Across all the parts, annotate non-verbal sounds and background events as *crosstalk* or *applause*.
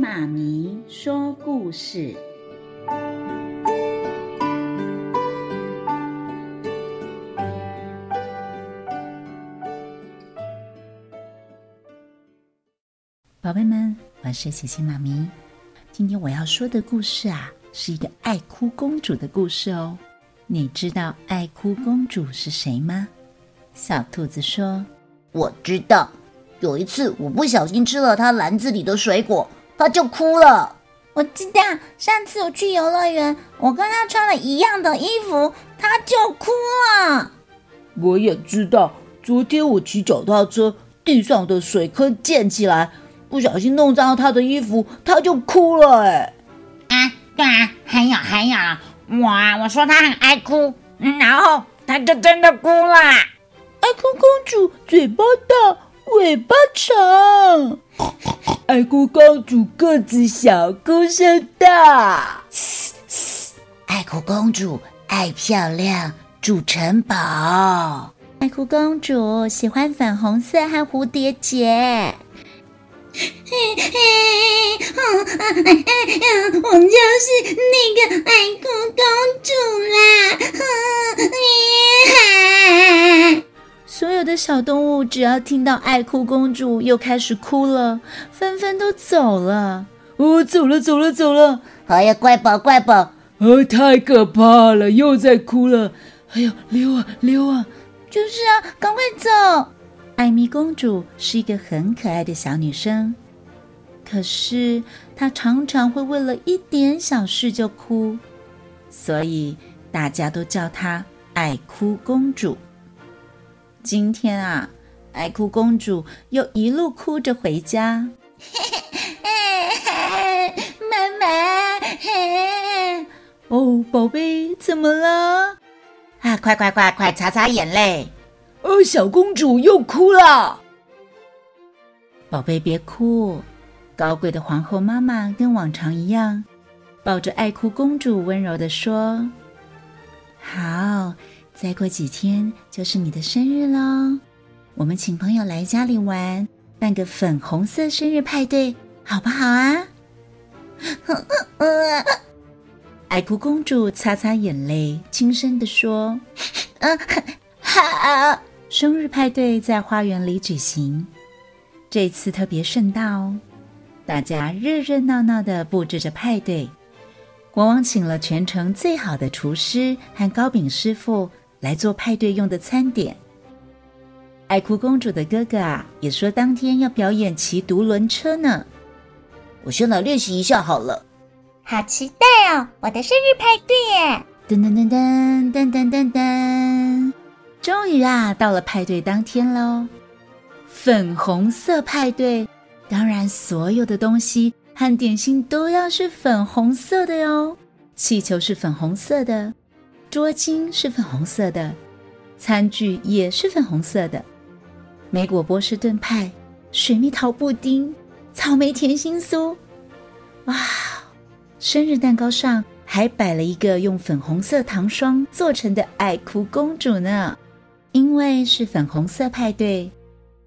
媽咪說故事，寶貝們，我是琪琪媽咪。今天我要說的故事啊，是一個愛哭公主的故事哦。你知道愛哭公主是誰嗎？小兔子說：“我知道，有一次我不小心吃了她籃子裡的水果。”他就哭了。我記得上次我去遊樂園，我跟他穿了一樣的衣服，他就哭了。我也知道，昨天我騎腳踏車，地上的水坑濺起來，不小心弄髒了他的衣服，他就哭了欸。啊，對啊，還有還有，哇！我說他很愛哭，然後他就真的哭了。愛哭公主，嘴巴大，尾巴長。 *laughs* 愛哭公主個子小，哭聲大。 *laughs* 愛哭公主愛漂亮，住城堡。愛哭公主喜歡粉紅色和蝴蝶結。嘿，哼， *laughs* *laughs* 我就是那個愛哭公主啦！哼 *laughs* 明白，哎。所有的小動物只要聽到愛哭公主又開始哭了，紛紛都走了。哦，走了，走了，走了！哎、哦、呀，怪寶，怪寶！哦，太可怕了，又在哭了！哎呀，溜啊，溜啊！就是啊，趕快走！艾米公主是一個很可愛的小女生，可是她常常會為了一點小事就哭，所以大家都叫她愛哭公主。今天啊，愛哭公主又一路哭着回家。媽媽。哦，寶貝，怎麼了？啊，快快快快，擦擦眼淚！哦，小公主又哭了。寶貝別哭，高貴的皇后媽媽跟往常一樣，抱着愛哭公主溫柔地說：“好。”再過幾天就是你的生日嘍，我們請朋友來家裡玩，辦個粉紅色生日派對，好不好啊？愛 *laughs* 哭公主擦擦眼淚，輕聲地說：“ *laughs* 啊、好。”生日派對在花園裡舉行，這次特別盛大哦，大家熱熱鬧鬧的布置着派對。國王請了全城最好的廚師和糕餅師傅。來做派對用的餐點。愛哭公主的哥哥啊，也說當天要表演騎獨輪車呢。我先來練習一下好了。好期待哦，我的生日派對耶！噔噔噔噔噔，噔噔噔噔，終於啊，到了派對當天嘍！粉紅色派對，當然所有的東西和點心都要是粉紅色的喲。氣球是粉紅色的。桌巾是粉紅色的，餐具也是粉紅色的。莓果波士頓派、水蜜桃布丁、草莓甜心酥，哇！生日蛋糕上還擺了一個用粉紅色糖霜做成的愛哭公主呢。因為是粉紅色派對，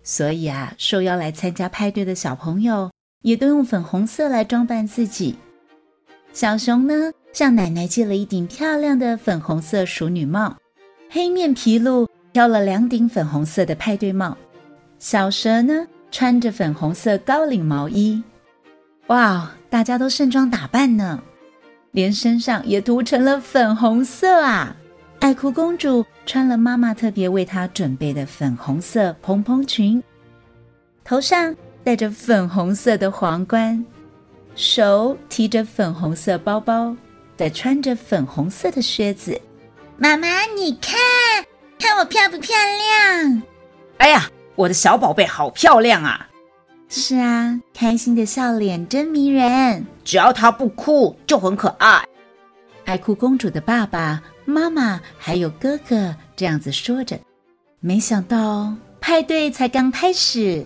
所以啊，受邀來參加派對的小朋友也都用粉紅色來裝扮自己。小熊呢？向奶奶借了一頂漂亮的粉紅色淑女帽，黑面琵鷺挑了兩頂粉紅色的派對帽，小蛇呢，穿着粉紅色高領毛衣。哇，大家都盛裝打扮呢，連身上也塗成了粉紅色啊！愛哭公主穿了媽媽特別為她準備的粉紅色蓬蓬裙，頭上戴着粉紅色的皇冠，手提着粉紅色包包。在穿着粉紅色的靴子，媽媽，你看看我漂不漂亮？哎呀，我的小寶貝好漂亮啊！是啊，開心的笑臉真迷人。只要她不哭，就很可愛。愛哭公主的爸爸、媽媽還有哥哥這樣子說着，沒想到派對才剛開始，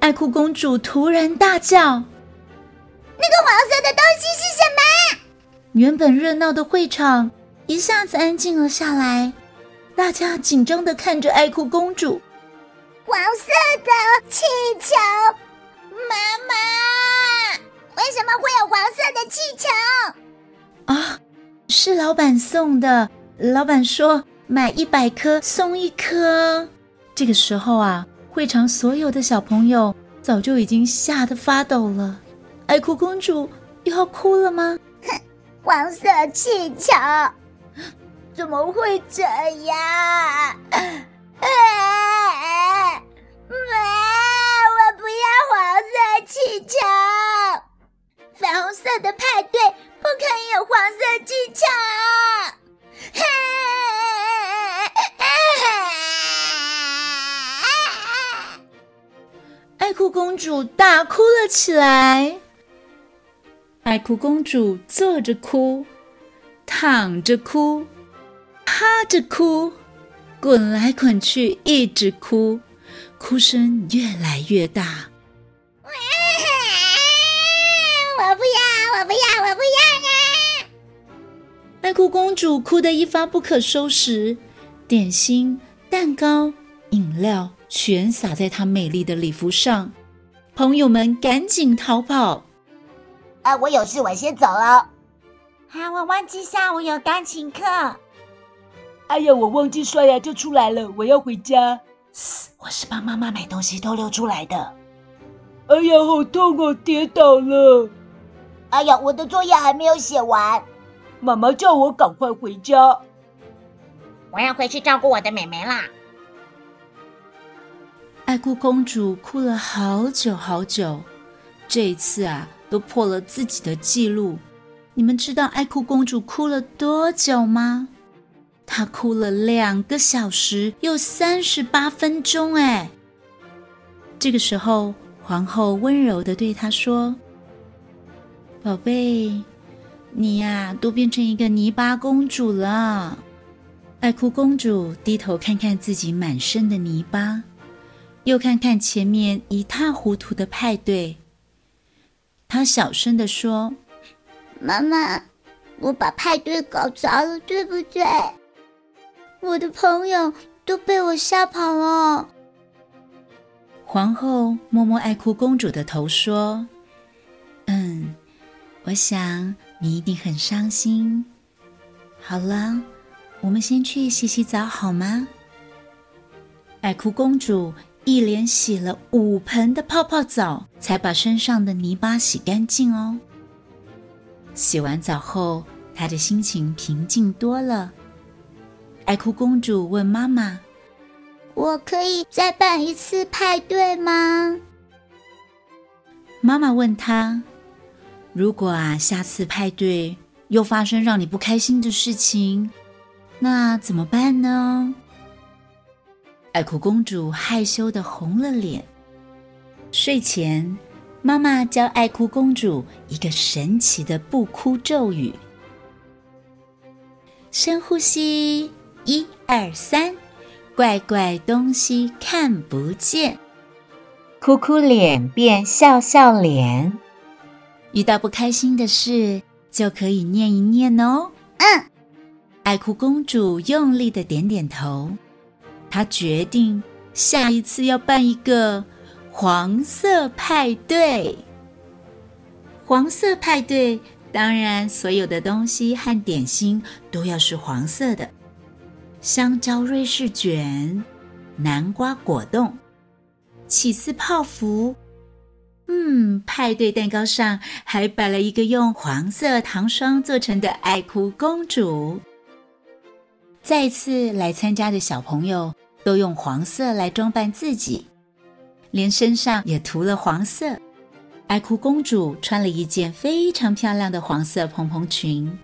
愛哭公主突然大叫：“那個黃色的東西是什麼？”原本熱鬧的會場一下子安靜了下來，大家緊張的看着愛哭公主。黃色的氣球，媽媽，為什麼會有黃色的氣球？啊，是老闆送的。老闆說買一百顆送一顆。這個時候啊，會場所有的小朋友早就已經嚇得發抖了。愛哭公主又要哭了嗎？黃色氣球怎麼會這樣？啊、啊啊，我不要黃色氣球！粉紅色的派對不可以有黃色氣球！愛哭公主大哭了起來。愛哭公主坐着哭，躺着哭，趴着哭，滾來滾去，一直哭，哭聲越來越大。啊，我不要，我不要，我不要啊！愛哭公主哭得一發不可收拾，點心、蛋糕、飲料全灑在她美麗的禮服上，朋友們趕緊逃跑。啊、呃，我有事，我先走了。啊，我忘記下午有鋼琴課。哎呀，我忘記刷牙就出來了，我要回家。嘶，我是幫媽媽買東西偷溜出來的。哎呀，好痛我、啊、跌倒了。哎呀，我的作業還沒有寫完。媽媽叫我趕快回家。我要回去照顧我的妹妹啦。愛哭公主哭了好久好久。這一次啊，都破了自己的記錄，你們知道愛哭公主哭了多久嗎？她哭了兩個小時又三十八分鐘。哎，這個時候，皇后溫柔的對她說：“寶貝，你呀、啊，都變成一個泥巴公主了。”愛哭公主低頭看看自己滿身的泥巴，又看看前面一塌糊塗的派對。小聲的說：“媽媽，我把派對搞砸了，對不對？我的朋友都被我嚇跑了。”皇后摸摸愛哭公主的頭說：“嗯，我想你一定很傷心。好了，我們先去洗洗澡好嗎？”愛哭公主。一連洗了五盆的泡泡澡，才把身上的泥巴洗乾淨哦。洗完澡後，她的心情平靜多了。愛哭公主問媽媽：“我可以再辦一次派對嗎？”媽媽問她：“如果啊，下次派對又發生讓你不開心的事情，那怎麼辦呢？”愛哭公主害羞的紅了臉。睡前，媽媽教愛哭公主一個神奇的不哭咒語。深呼吸，一二三，怪怪東西看不見，哭哭臉變笑笑臉。遇到不開心的事，就可以念一念哦。嗯，愛哭公主用力的點點頭。他決定下一次要辦一個黃色派對。黃色派對，當然所有的東西和點心都要是黃色的：香蕉瑞士捲、南瓜果凍、起司泡芙。嗯，派對蛋糕上還擺了一個用黃色糖霜做成的愛哭公主。再次來參加的小朋友，都用黃色來裝扮自己，連身上也塗了黃色。愛哭公主穿了一件非常漂亮的黃色蓬蓬裙，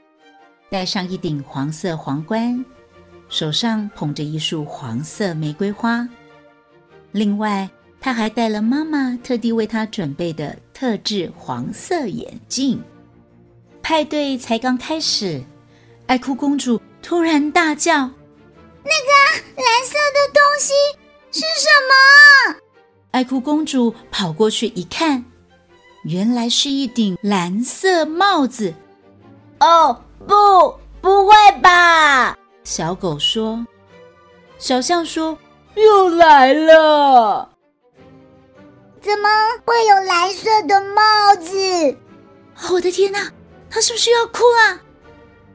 戴上一頂黃色皇冠，手上捧着一束黃色玫瑰花。另外，她還帶了媽媽特地為她準備的特制黃色眼鏡。派對才剛開始，愛哭公主突然大叫。那個藍色的東西是什麼？愛哭公主跑過去一看，原來是一頂藍色帽子。哦，不，不會吧！小狗說，小象說，又來了。怎麼會有藍色的帽子？哦，我的天哪，他是不是要哭啊？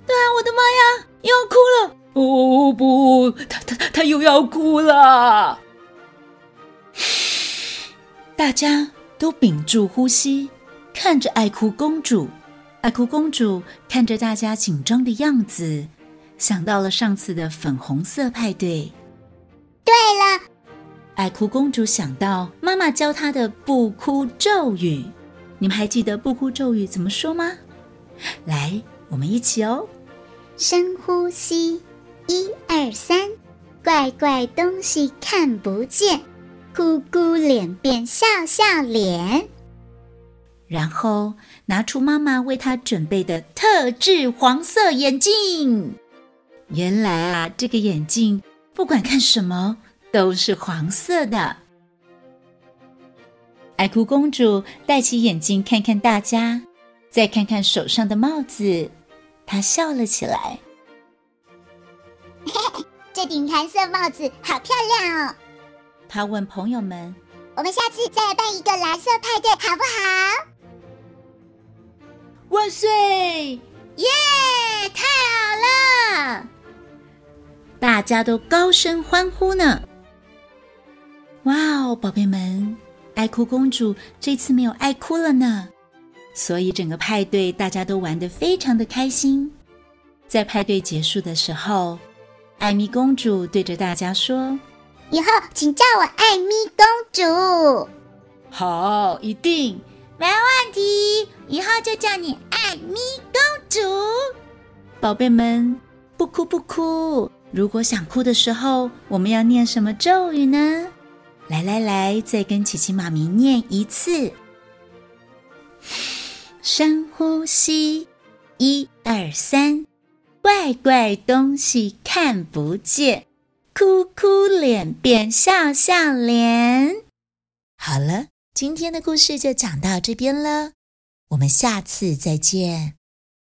對啊，我的媽呀，又要哭了。哦不，她她她又要哭了！大家都屏住呼吸，看着愛哭公主。愛哭公主看着大家緊張的樣子，想到了上次的粉紅色派對。對了，愛哭公主想到媽媽教她的不哭咒語。你們還記得不哭咒語怎麼說嗎？來，我們一起哦，深呼吸。一二三，怪怪東西看不見，哭哭臉變笑笑臉。然後拿出媽媽為她準備的特制黃色眼鏡。原來啊，這個眼鏡不管看什麼都是黃色的。愛哭公主戴起眼鏡，看看大家，再看看手上的帽子，她笑了起來。嘿嘿，這頂藍色帽子好漂亮哦！她問朋友們：“我們下次再辦一個藍色派對好不好？”萬歲！耶、Yeah！太好了！大家都高聲歡呼呢。哇哦，寶貝們，愛哭公主這次沒有愛哭了呢，所以整個派對大家都玩得非常的開心。在派對結束的時候。愛米公主對着大家說：“以後請叫我愛米公主。”好，一定，沒問題。以後就叫你愛米公主，寶貝們，不哭不哭。如果想哭的時候，我們要念什麼咒語呢？來來來，再跟琪琪媽咪念一次，深呼吸，一二三。怪怪東西看不見，哭哭臉變笑笑臉。好了，今天的故事就講到這邊了，我們下次再見。